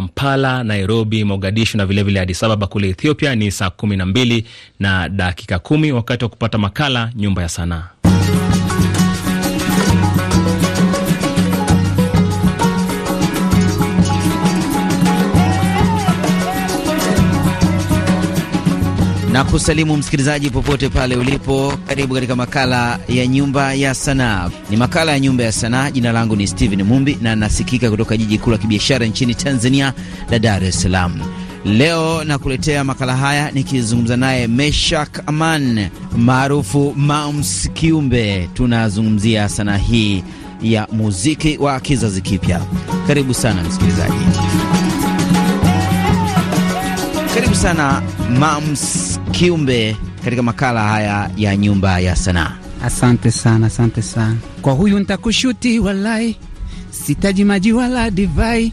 Kampala, Nairobi, Mogadishu na vilevile Addis Ababa kule Ethiopia ni saa kumi na mbili na dakika kumi wakati wa kupata makala Nyumba ya Sanaa. na kusalimu msikilizaji popote pale ulipo. Karibu katika makala ya nyumba ya sanaa. Ni makala ya nyumba ya sanaa. Jina langu ni Steven Mumbi na nasikika kutoka jiji kuu la kibiashara nchini Tanzania la Dar es Salaam. Leo nakuletea makala haya nikizungumza naye Meshak Aman maarufu Mams Kiumbe. Tunazungumzia sanaa hii ya muziki wa kizazi kipya. Karibu sana msikilizaji. Karibu sana Mams Kiumbe katika makala haya ya nyumba ya sanaa. Asante sana, asante sana kwa huyu ntakushuti, walai sitaji maji wala divai,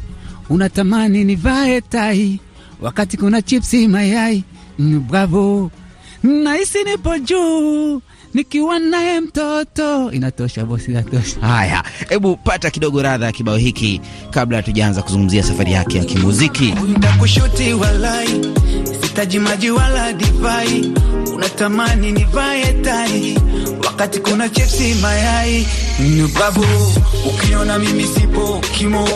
unatamani nivae tai wakati kuna chipsi mayai. Bravo, nahisi nipo juu nikiwa naye mtoto. Inatosha bosi, inatosha. Haya, hebu pata kidogo radha ya kibao hiki kabla hatujaanza kuzungumzia safari yake ya kimuziki. Ntakushuti walai sihitaji maji wala divai, unatamani nivae tai wakati kuna chipsi mayai. Nubabu, ukiona mimi sipo kimo,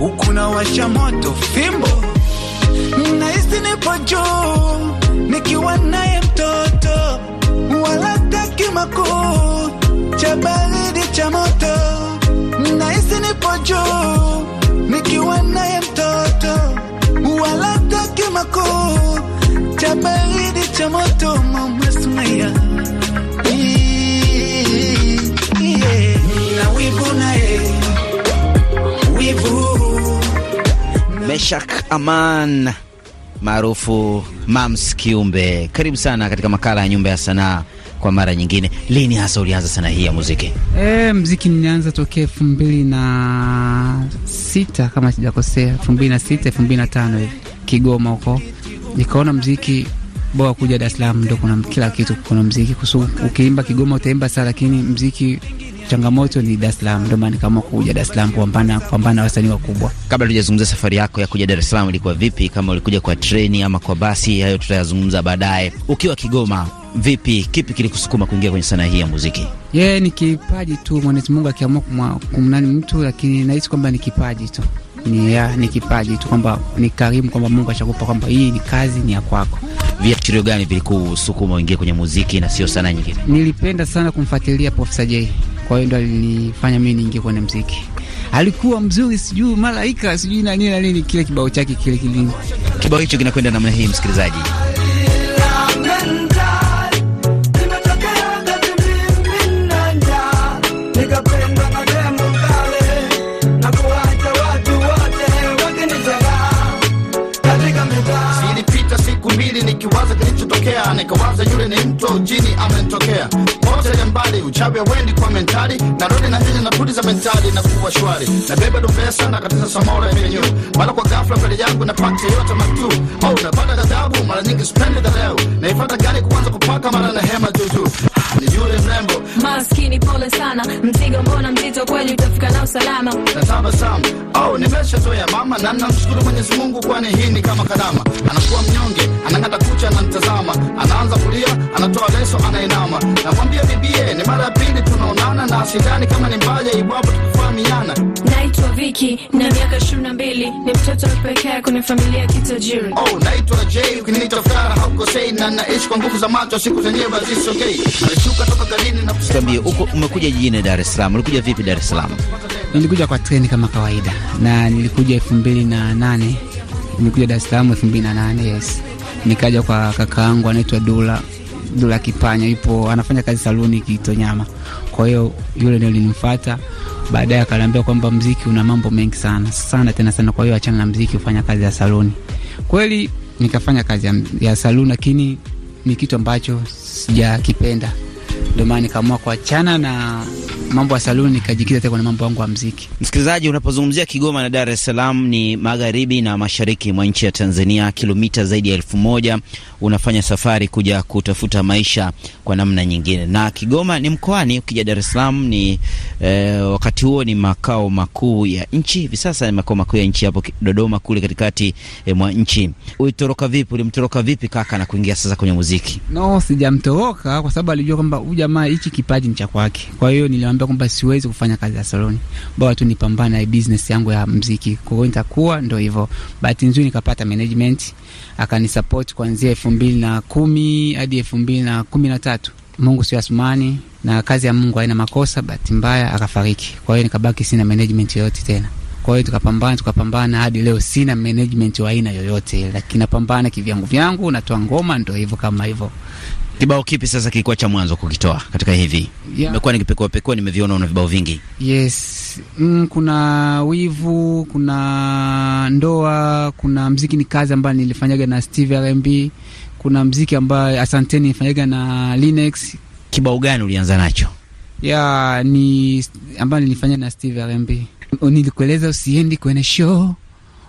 ukuna washa moto fimbo, nahisi nipo juu nikiwa naye mtoto, wala taki makuu cha baridi cha moto, nahisi nipo juu nikiwa naye mtoto wala taki makuu cha baridi cha moto, mama Sumaya Meshak Aman maarufu Mams Kiumbe, karibu sana katika makala ya Nyumba ya Sanaa kwa mara nyingine. Lini hasa ulianza sanaa hii ya muziki? E, eh, mziki nilianza tokea elfu mbili na sita kama sijakosea, elfu mbili na sita elfu mbili na tano hivi Kigoma huko nikaona mziki bora kuja Dar es Salaam, ndo kuna kila kitu, kuna mziki kusu, ukiimba Kigoma utaimba saa, lakini mziki changamoto ni Dar es Salaam, ndio maana nikaamua kuja Dar es Salaam kupambana kupambana wasanii wakubwa. Kabla tujazungumza safari yako ya kuja Dar es Salaam ilikuwa vipi, kama ulikuja kwa treni ama kwa basi, hayo tutayazungumza baadaye. Ukiwa Kigoma vipi, kipi kilikusukuma kuingia kwenye sanaa hii ya muziki? Yeah, ni kipaji tu, Mwenyezi Mungu akiamua kumnani mtu, lakini nahisi kwamba ni kipaji tu ni, ya, ni kipaji tu kwamba ni karimu kwamba Mungu ashakupa kwamba hii ni kazi ni ya kwako. Viashirio gani vilikusukuma uingie kwenye muziki na sio sana nyingine? Nilipenda sana kumfuatilia Profesa J, kwa hiyo ndo alinifanya mimi niingie kwenye muziki. Alikuwa mzuri, sijui malaika, sijui na nini na nini, kile kibao chake kile kile. Kibao hicho kinakwenda namna hii, msikilizaji uchawi wendi kwa mentali narudi na na puti za mentali na kuwa shwari na beba dofea na katika samora yenyu mara kwa ghafla mbele yangu na pakti yote matu au oh, napata ghadhabu mara nyingi sipendi na ifata gari kuanza kupaka mara na hema juju ni yule mrembo maskini, pole sana, mzigo mbona mzito kweli, utafika na usalama. Natabasamu oh, nimeshatoya mama, na namshukuru Mwenyezi Mungu, kwani hii ni kama kadama Anakuwa mnyonge, anang'ata kucha, anamtazama, anaanza kulia, anatoa leso, anainama, namwambia bibie, ni mara ya pili tunaonana, na sidhani kama ni mbaya iwapo tukufahamiana naitwa Viki na miaka 22, ni mtoto pekee kwenye familia ya kitajiri. Oh, naitwa Jay, ukiniita Fara haukosei, na naishi kwa nguvu za macho, siku zenyewe hazisogei. Alishuka toka garini na kusambia huko. Umekuja jijini Dar es Salaam, ulikuja vipi Dar es Salaam? Nilikuja kwa treni kama kawaida, na nilikuja 2008 nilikuja Dar es Salaam 2008, yes, nikaja kwa kakaangu anaitwa Dula Dula Kipanya ipo anafanya kazi saluni Kitonyama. Kwa hiyo yule ndio alinifuata baadaye akaniambia kwamba mziki una mambo mengi sana sana tena sana, kwa hiyo achana na mziki, ufanya kazi ya saluni. Kweli nikafanya kazi ya, ya saluni, lakini ni kitu ambacho sijakipenda, ndio maana nikaamua kuachana na mambo ya saluni nikajikita tena kwenye mambo yangu ya muziki. Msikilizaji, unapozungumzia Kigoma na Dar es Salaam ni magharibi na mashariki mwa nchi ya Tanzania, kilomita zaidi ya elfu moja. Unafanya safari kuja kutafuta maisha kwa namna nyingine, na Kigoma ni mkoani, ukija Dar es Salaam ni eh, wakati huo ni makao makuu ya nchi. Hivi sasa ni makao makuu ya nchi hapo Dodoma kule katikati eh, mwa nchi. Ulitoroka vipi? Ulimtoroka vipi kaka na kuingia sasa kwenye muziki? No, sijamtoroka kwa sababu alijua kwamba huyu jamaa hichi kipaji ni cha kwake, kwa hiyo niliam nikaambia kwamba siwezi kufanya kazi ya saloni, bora tu nipambane na business yangu ya muziki. Kwa hiyo nitakuwa ndio hivyo. Bahati nzuri nikapata management akanisupport kuanzia elfu mbili na kumi hadi elfu mbili na kumi na tatu. Mungu sio asumani na kazi ya Mungu haina makosa. Bahati mbaya akafariki, kwa hiyo nikabaki sina management yoyote tena. Kwa hiyo tukapambana tukapambana hadi leo sina management wa aina yoyote, lakini napambana kivyangu vyangu, natoa ngoma, ndio hivyo kama hivyo. Kibao kipi sasa kilikuwa cha mwanzo kukitoa katika hivi? Yeah. Nimekuwa nikipekua pekua, nimeviona una vibao vingi. Yes. Mm, kuna wivu, kuna ndoa, kuna mziki ni kazi ambayo nilifanyaga na Steve RMB, kuna mziki ambayo asante nilifanyaga na Linux. Kibao gani ulianza nacho? Yeah, ni ambayo nilifanya na Steve RMB. Nilikueleza usiendi kwenye show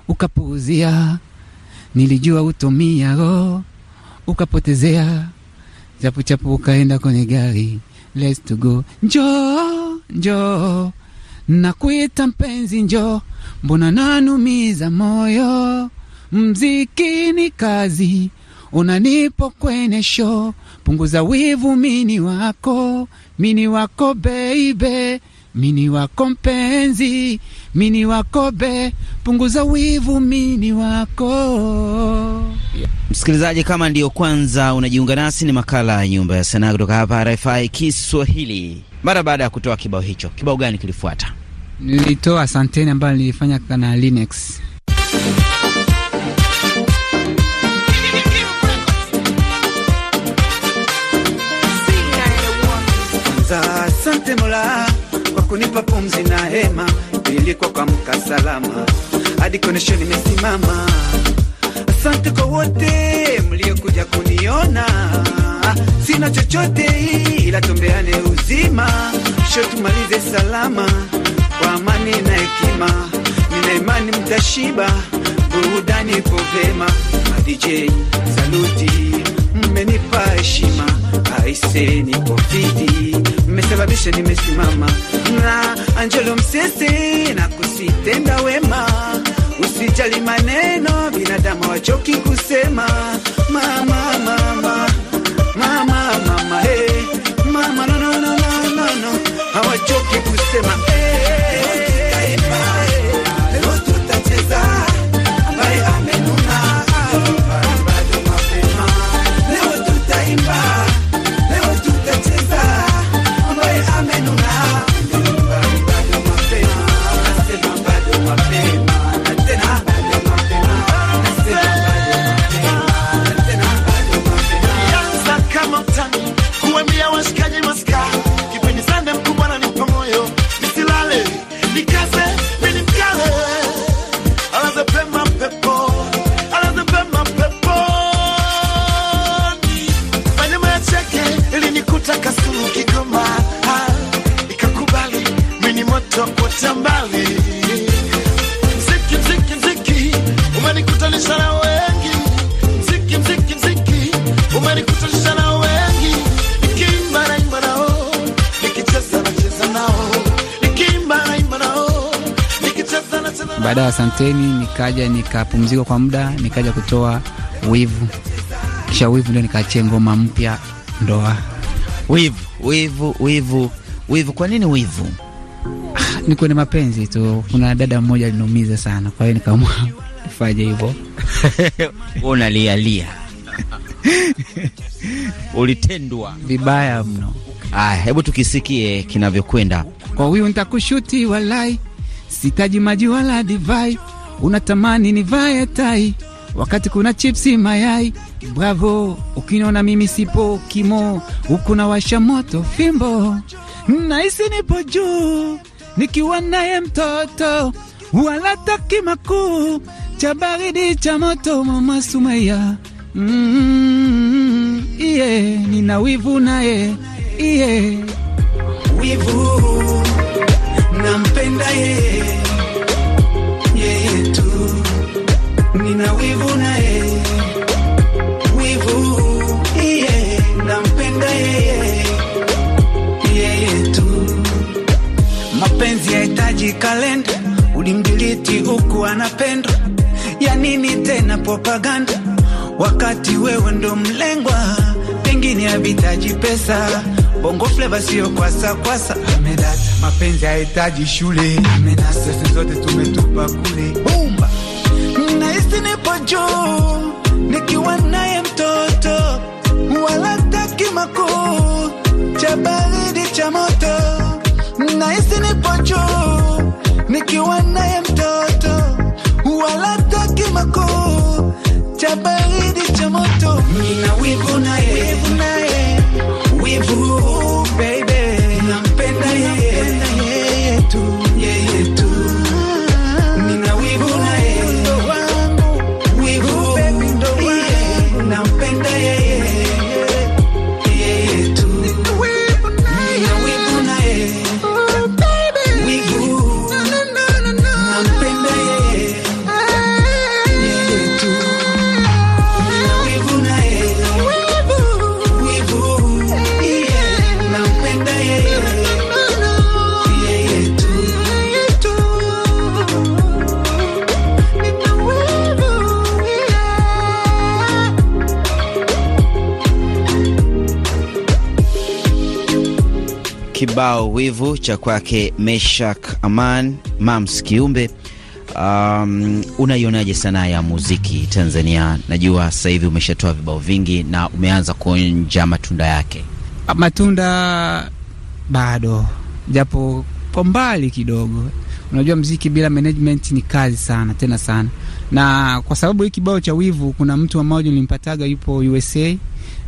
ukapuuzia, nilijua utomia roho ukapotezea chapuchapu kaenda kwenye gari, let's to go, njoo njoo, nakuita mpenzi, njo mbona nanumiza moyo, mziki ni kazi unanipo kwenye show, punguza wivu mini wako mini wako baby mini wako mpenzi, mini wako be, punguza wivu, mini wako yeah. Msikilizaji, kama ndiyo kwanza unajiunga nasi, ni makala ya Nyumba ya Sanaa kutoka hapa RFI Kiswahili. Mara baada ya kutoa kibao hicho, kibao gani kilifuata? Nilitoa santeni ambayo nilifanya na Linux. Asante Mola kwa kunipa pumzi na hema, kwa kuamka salama hadi konesho nimesimama. Asante kwa wote mliokuja kuniona, sina chochote ila tumbeane uzima, sho tumalize salama kwa amani na hekima. Nina imani mtashiba, burudani povema. vema. saluti, mmenipa heshima Aiseni Kofidi mmesababisha nimesimama, na Angelo Msese na kusitenda wema. Usijali maneno binadamu wachoki kusema mama, mama. asanteni, nikaja nikapumzika kwa muda, nikaja kutoa wivu, kisha wivu ndio nikaachia ngoma mpya ndoa. Wivu, wivu, wivu, wivu. Kwa nini wivu? Ah, ni kwenye mapenzi tu. Kuna dada mmoja aliniumiza sana, kwa hiyo nikaamua nifanye hivyo. Unalialia ulitendwa vibaya mno. Aya, hebu tukisikie kinavyokwenda. Kwa huyu ntakushuti walai sitaji maji wala divai, unatamani nivae tai wakati kuna chipsi mayai. Bravo, ukiniona mimi sipo kimo, huku na washa moto fimbo, nahisi nipo juu nikiwa naye mtoto, wala taki makuu cha baridi cha moto, mama Sumaya. Mm, mm-hmm. iye nina wivu naye iye wivu nampenda yeye huku anapendwa, ya nini tena propaganda? Wakati wewe ndo mlengwa, pengine havitaji pesa. Bongo flava sio kwasa kwasa, Amenasa mapenzi hahitaji shule, amenasa sisi zote tumetupa kule. Bumba nahisi nipo juu nikiwa naye mtoto, wala taki makuu cha baridi cha moto, nahisi nipo juu nikiwa chambako cha baridi wivu naye, wivu naye, wivu kibao wivu cha kwake Meshak Aman Mams Kiumbe. Um, unaionaje sanaa ya muziki Tanzania? Najua sasa hivi umeshatoa vibao vingi na umeanza kuonja matunda yake. Matunda bado, japo kwa mbali kidogo. Unajua mziki bila management ni kazi sana tena sana, na kwa sababu hii kibao cha wivu, kuna mtu mmoja nilimpataga yupo USA,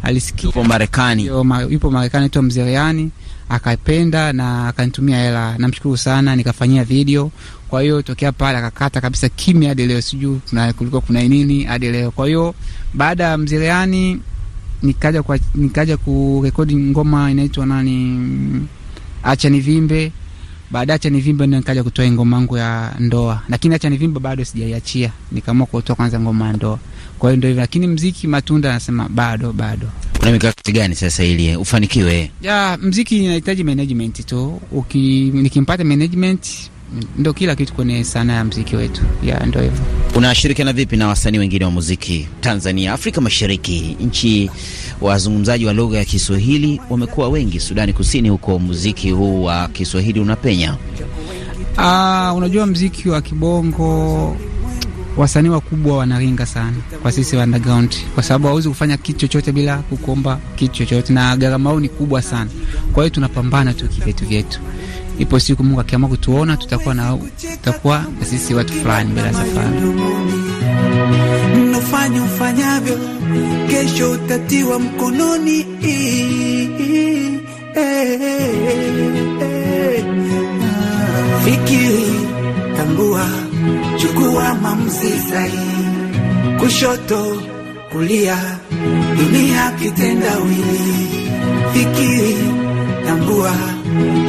alisikia yupo Marekani, yupo Marekani, anaitwa Mzeriani akapenda na akanitumia hela, namshukuru sana, nikafanyia video. Kwa hiyo tokea pale akakata kabisa kimya hadi leo, sijui kuna kulikuwa kuna nini hadi leo. Kwa hiyo baada ya mzileani nikaja kwa nikaja kurekodi ngoma inaitwa nani, acha nivimbe. Baada acha nivimbe ndio nikaja kutoa ngoma yangu ya ndoa, lakini acha nivimbe bado sijaiachia, nikaamua kutoa kwanza ngoma ya ndoa. Kwa hiyo ndio hivyo, lakini mziki matunda anasema bado bado na mikakati gani sasa ili ufanikiwe? Ya, mziki inahitaji management tu. Uki, nikimpata management ndo kila kitu kwenye sanaa ya mziki wetu. Ya, ndo hivyo. Unashirikiana vipi na wasanii wengine wa muziki Tanzania, Afrika Mashariki, nchi wazungumzaji wa lugha ya Kiswahili wamekuwa wengi, Sudani Kusini huko muziki huu wa Kiswahili unapenya? Ah, unajua mziki wa kibongo wasanii wakubwa wanaringa sana kwa sisi wa underground, kwa sababu hawezi kufanya kitu chochote bila kukuomba kitu chochote, na gharama yao ni kubwa sana. Kwa hiyo tunapambana tu kivetu vyetu. Ipo siku Mungu akiamua kutuona, tutakuwa na tutakuwa na sisi watu fulani bila safari. Mnafanya ufanyavyo, kesho utatiwa mkononi. Eh, eh, eh, mzizai kushoto kulia, dunia wili, Fikiri, tambua,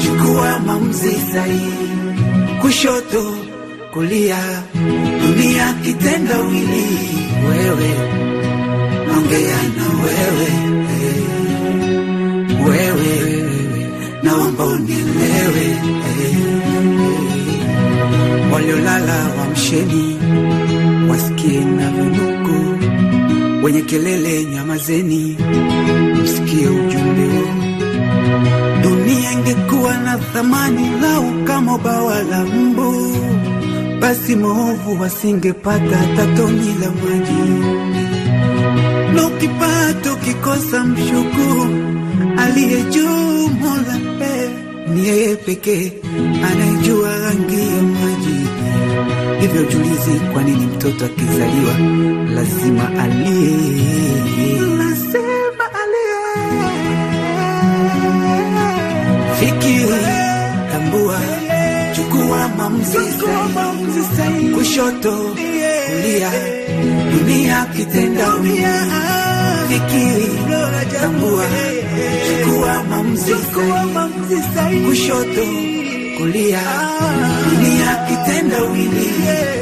chukua maamuzi sahihi, kushoto kulia, dunia wili, Wewe naongea na wewe, hey. Wewe naomba unielewe, hey. Waliolala wamsheni wasikie na vinuko, wenye kelele, nyamazeni, msikie ujumbe huu. Dunia ingekuwa na thamani lau kama bawa la mbu, basi maovu wasingepata hata toni la maji. Na ukipata ukikosa, mshukuru aliye juu. Mola eh, ni yeye pekee anayejua rangi ya maji hivyo julizi, kwa nini mtoto akizaliwa lazima alie? Lazima alie. Fikiri, tambua, chukua maamuzi sahihi, kushoto, kulia, dunia kitenda kitendawili. Fikiri, tambua, chukua maamuzi sahihi, kushoto kulia dunia kitendawili,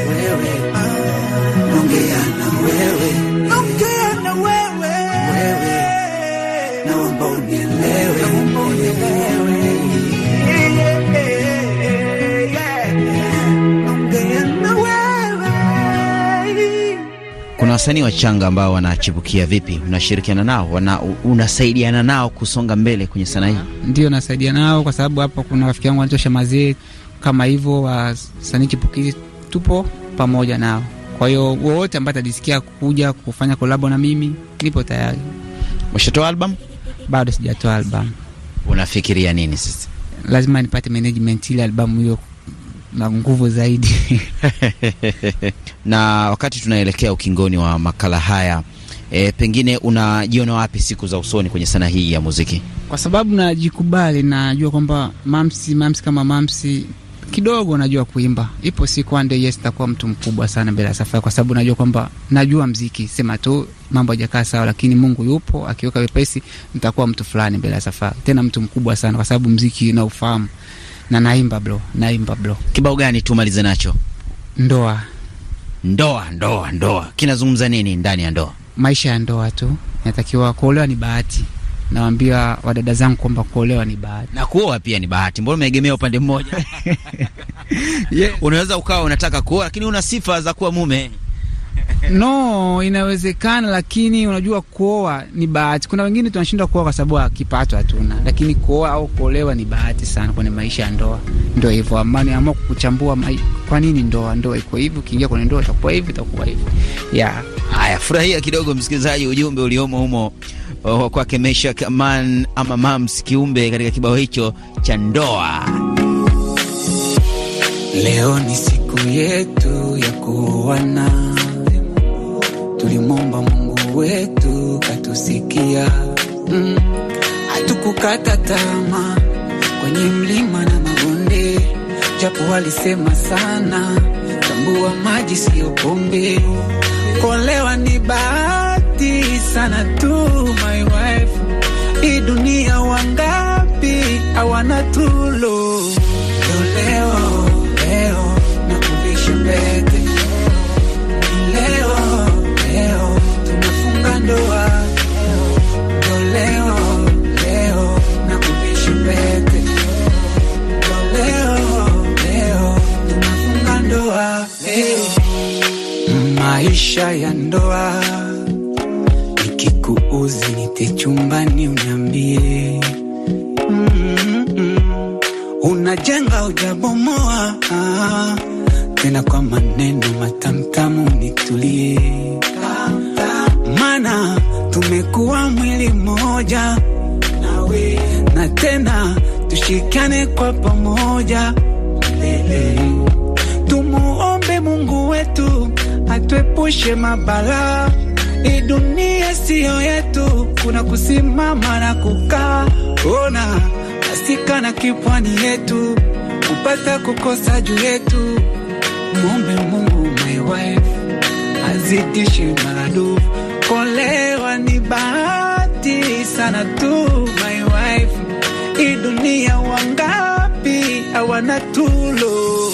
wewe ongea na wewe, ongea na wewe, wewe naomba unielewe kuna wasanii wachanga ambao wanachipukia. Vipi, unashirikiana nao wana, unasaidiana nao kusonga mbele kwenye sanaa hii? Ndio, nasaidia nao kwa sababu hapa kuna rafiki yangu anatosha mazee kama hivyo wasanii chipukizi tupo pamoja nao. Kwa hiyo wowote ambaye atajisikia kuja kufanya kolabo na mimi nipo tayari. Umeshatoa album? Bado sijatoa album. Unafikiria nini sasa? Lazima nipate management ile albamu hiyo na nguvu zaidi na wakati tunaelekea ukingoni wa makala haya e, pengine unajiona wapi siku za usoni kwenye sanaa hii ya muziki? Kwa sababu najikubali, najua kwamba mamsi mamsi kama mamsi kidogo najua kuimba. Ipo siku ande yes, takuwa mtu mkubwa sana mbele ya safari, kwa sababu najua kwamba najua mziki, sema tu mambo hajakaa sawa, lakini Mungu yupo, akiweka wepesi nitakuwa mtu fulani mbele ya safari, tena mtu mkubwa sana, kwa sababu mziki naufahamu na naimba bro, naimba bro. Kibao gani tumalize nacho? Ndoa, ndoa, ndoa, ndoa. Kinazungumza nini ndani ya ndoa? Maisha ya ndoa tu, natakiwa kuolewa ni bahati Nawaambia wadada zangu kwamba kuolewa ni bahati na kuoa pia ni bahati. Mbona umeegemea upande mmoja? yeah. Unaweza ukawa unataka kuoa lakini una sifa za kuwa mume No, inawezekana, lakini unajua kuoa ni bahati. Kuna wengine tunashindwa kuoa kwa sababu ya kipato hatuna, lakini kuoa au kuolewa ni bahati sana kwenye maisha ya ndoa. Ndo hivyo, amani amua kuchambua ma... kwa nini ndoa ndoa iko hivi, ukiingia kwenye ndoa itakuwa hivi, itakuwa hivi yeah. Haya, furahia kidogo, msikilizaji, ujumbe uliomo humo wa kwake Mesha Kaman ama Mams Kiumbe katika kibao hicho cha ndoa. Leo ni siku yetu ya kuoana tulimwomba Mungu wetu katusikia, mm. tamaa kwenye mlima na mabonde, japo walisema sana, tambua maji siyo pombe, kolewa ni bahati sana tu my wife. Hii dunia wangapi hawana tulo leo, leo, leo, nakulisha mbele maisha ya ndoa. Nikikuuzi nite chumbani uniambie, mm-hmm. Unajenga ujabomoa tena kwa maneno matamtamu, nitulie mana tumekuwa mwili mmoja na tena tushikane kwa pamoja, tumuombe Mungu wetu atuepushe mabala. i dunia siyo yetu, kuna kusimama na kukaa. Ona asika na kipwani yetu, kupata kukosa juu yetu. Muombe Mungu my wife azidishe maradufu. Kolewa ni bahati sana tu my wife, i dunia wangapi awana tulo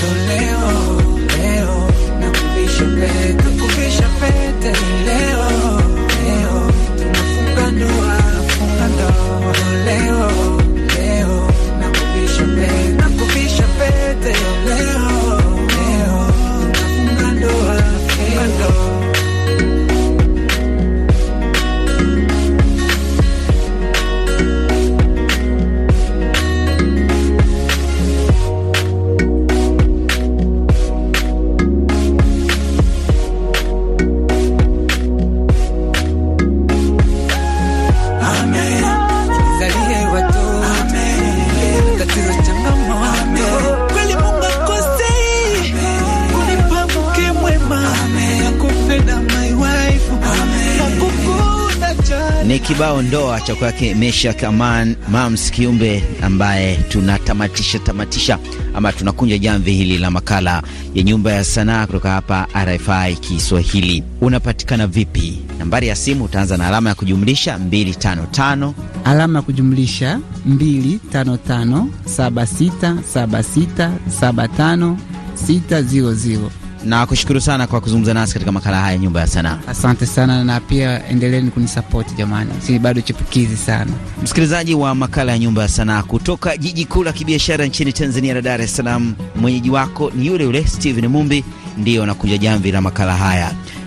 koleo shule tukupisha pete leo, leo tunafunga ndoa, pete leo kibao ndoa cha kwake Mesha Kaman Mams Kiumbe, ambaye tunatamatisha tamatisha ama tunakunja jamvi hili la makala ya nyumba ya sanaa kutoka hapa RFI Kiswahili. Unapatikana vipi? Nambari ya simu utaanza na alama ya kujumlisha 255 alama ya kujumlisha 255 767675 600 na kushukuru sana kwa kuzungumza nasi katika makala haya nyumba ya sanaa. Asante sana, na pia endeleeni kunisapoti jamani, si bado chipukizi sana. Msikilizaji wa makala ya nyumba ya sanaa kutoka jiji kuu la kibiashara nchini Tanzania la Dar es Salaam, mwenyeji wako ni yule yule Steven Mumbi, ndiyo nakunja jamvi la makala haya.